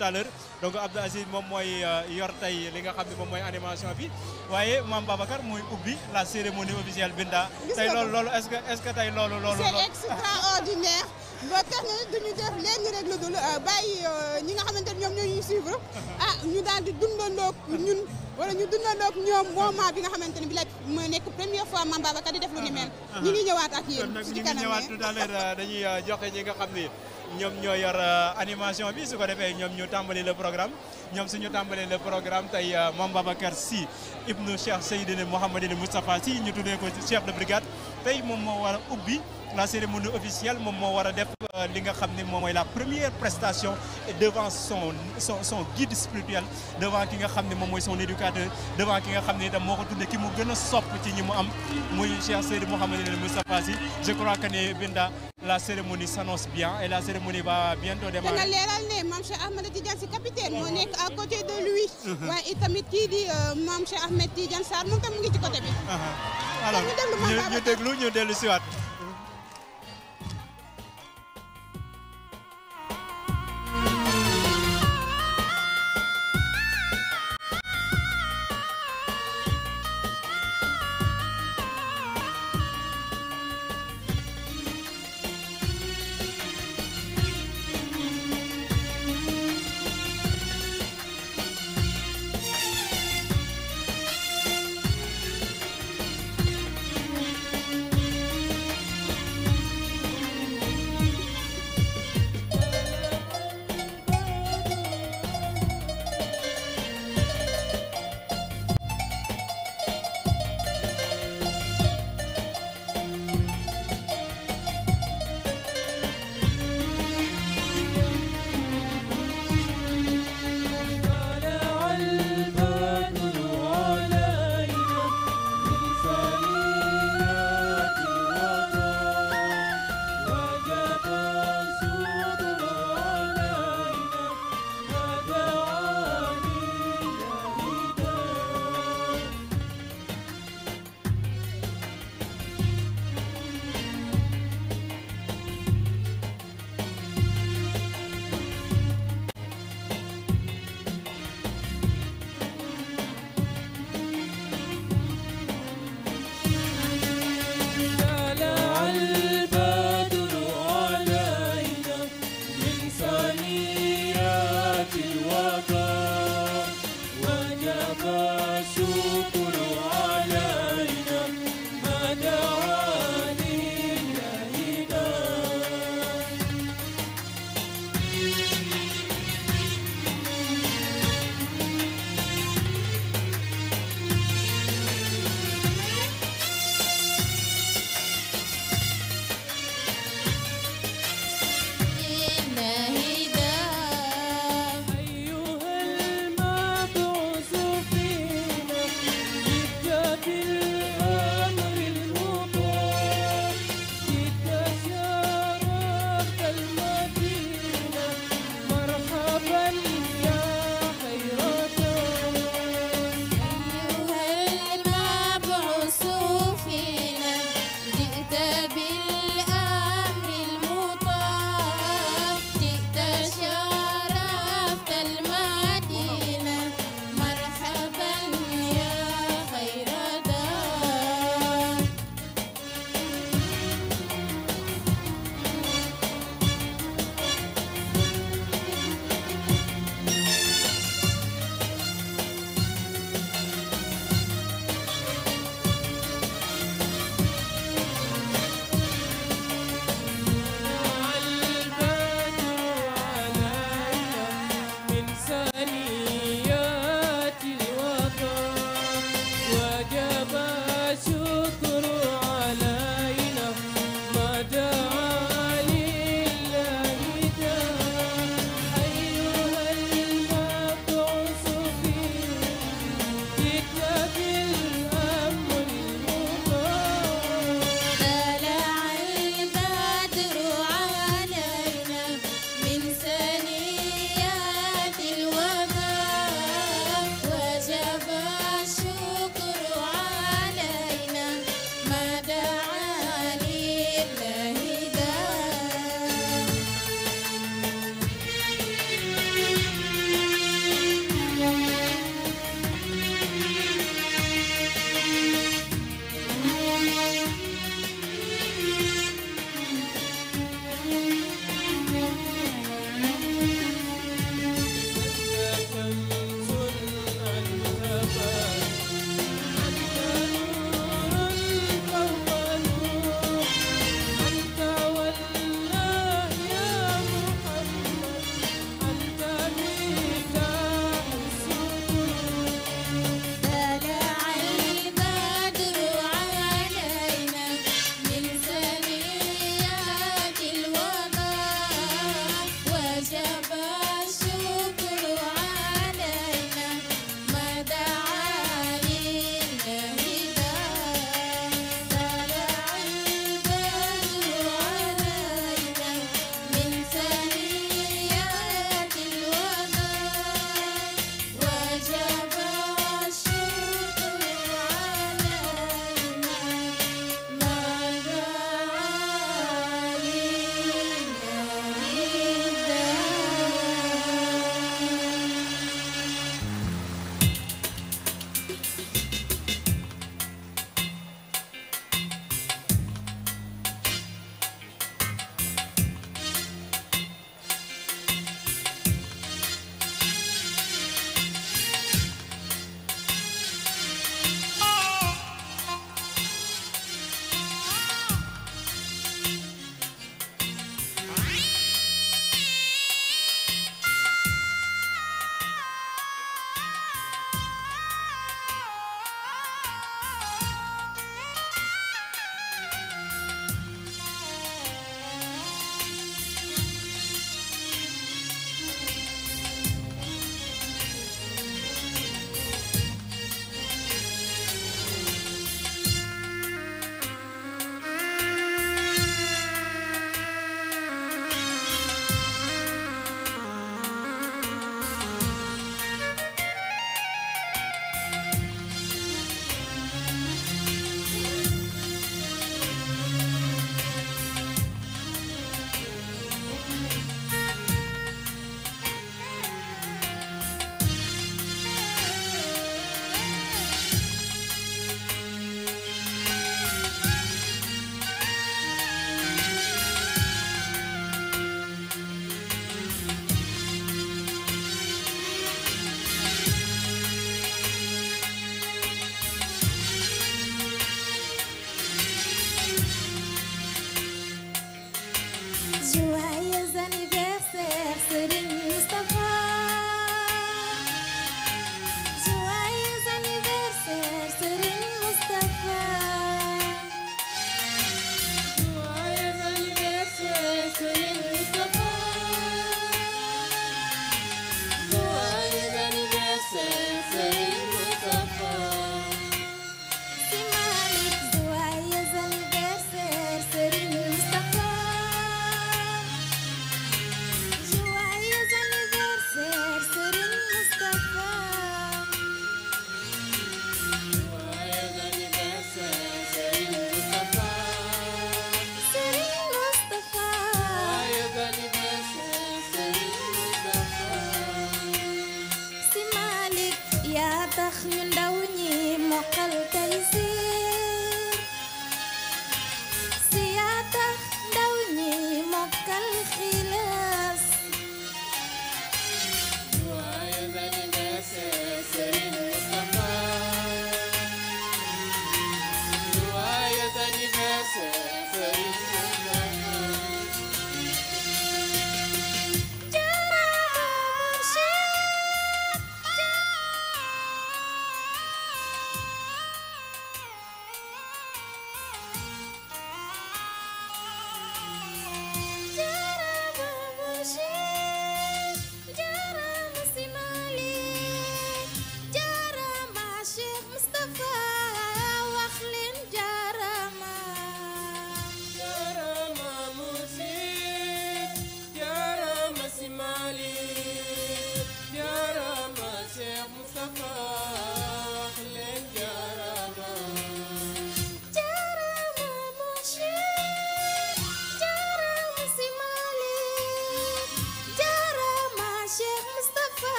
tout donc Abdou Aziz moom mooy euh, yor tey li nga xam ne moom mooy animation bi waaye Mame Babacar mooy ubbi la cérémonie officielle Binda tey loolu loolu est-ce que est-ce tey loolu loolu c'est extraordinaire ba tax na duñu lu dul euh, euh, ñi nga xamante ñoom ñoo ñuy suivre ah ñu daal di dundandoog ñun wala ñu dundandoog ñoom moment bi nga xamante ne bi nekk première fois Mame Babacar di def lu ni mel ñu ak yéen ci tout à dañuy joxe ñi nga ñoom ñoo yor euh, animation bi su ko defee ñoom ñu tàmbali le programme ñoom suñu tàmbalee le programme tey euh, moom Babacar Sy ibnu Cheikh Seydina Mouhamadine Moustapha Sy ñu tuddee ko chef de brigade tey moom moo war a ubbi la cérémonie officielle moom moo war a def euh, li nga xam ne moom mooy la première prestation devant son son son guide spirituel devant ki nga xam ne moom mooy son éducateur devant ki nga xam ni itam moo ko tudde ki mu gën a sopp ci ñi mu am muy Cheikh Seydou Mouhamed El Moustapha Sy je crois que ne Binda la cérémonie s'annonce bien et la cérémonie va bientôt démarrer. dana leeral ne Mame Cheikh Ahmed Tidiane Sy capitaine moo nekk à côté de lui. Mhm. waaye tamit kii di euh, Mame siwaat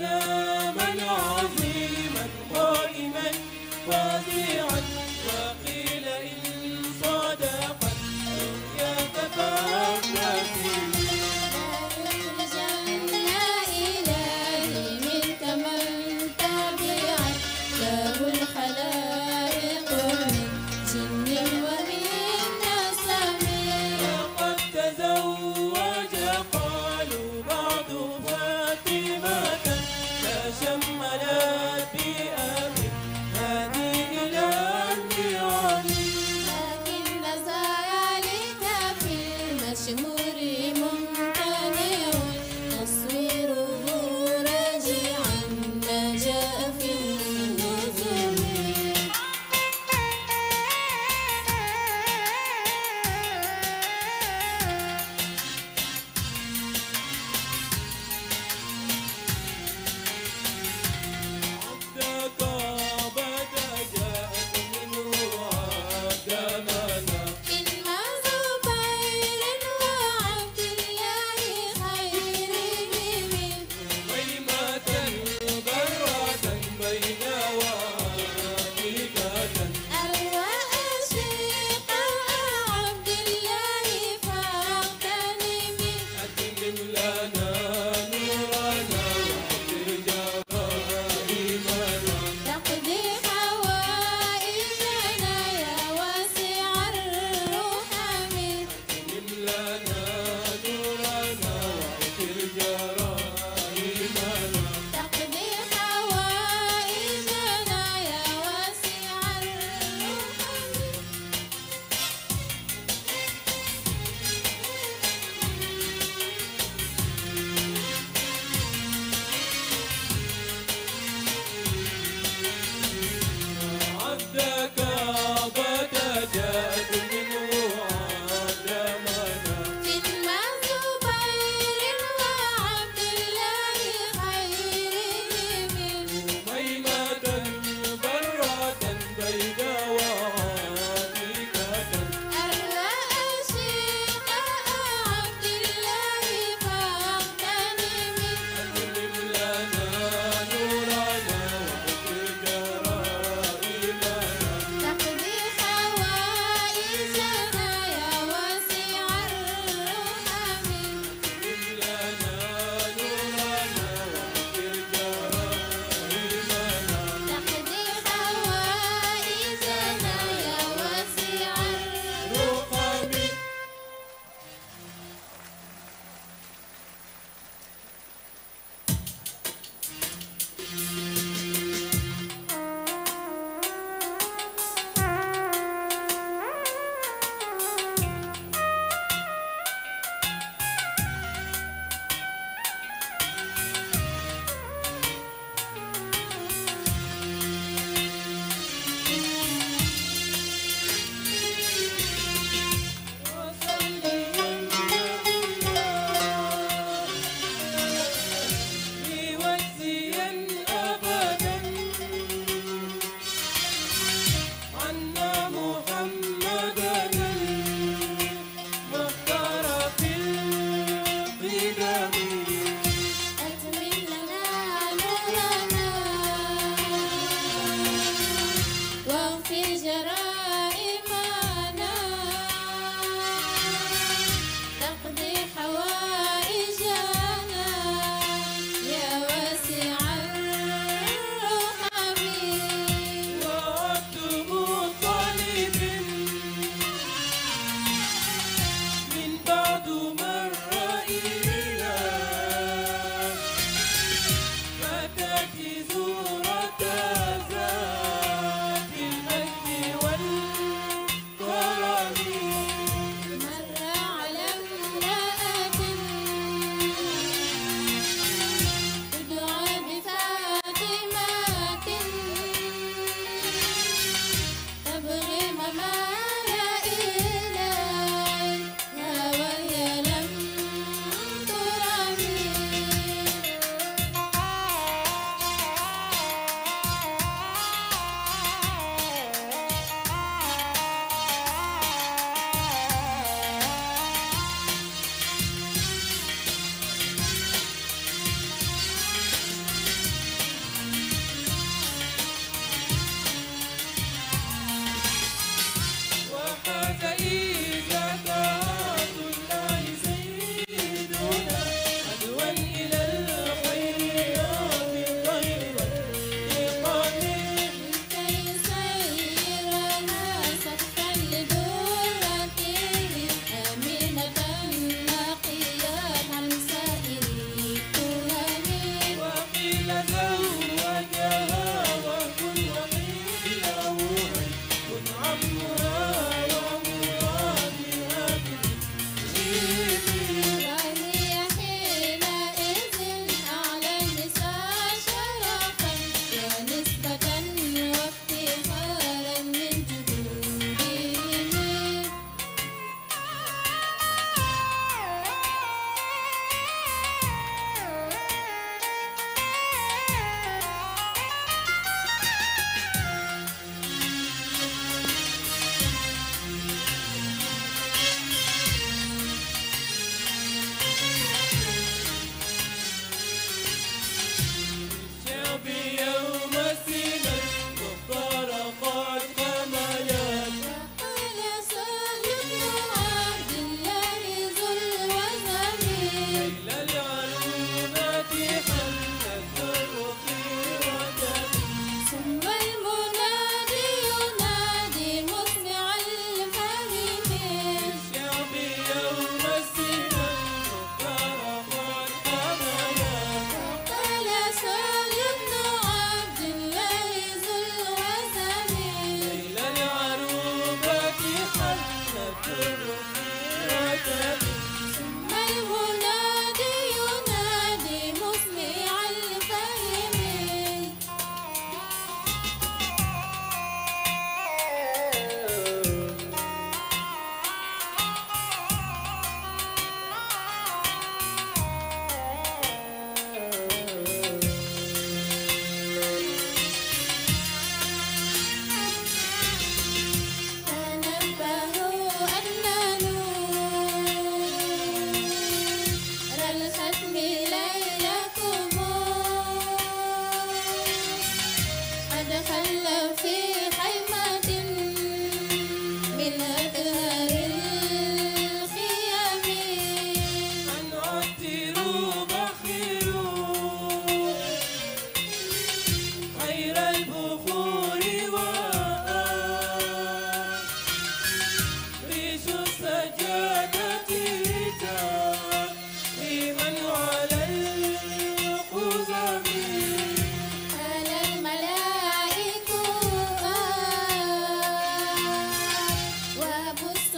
Hello.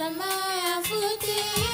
sama futi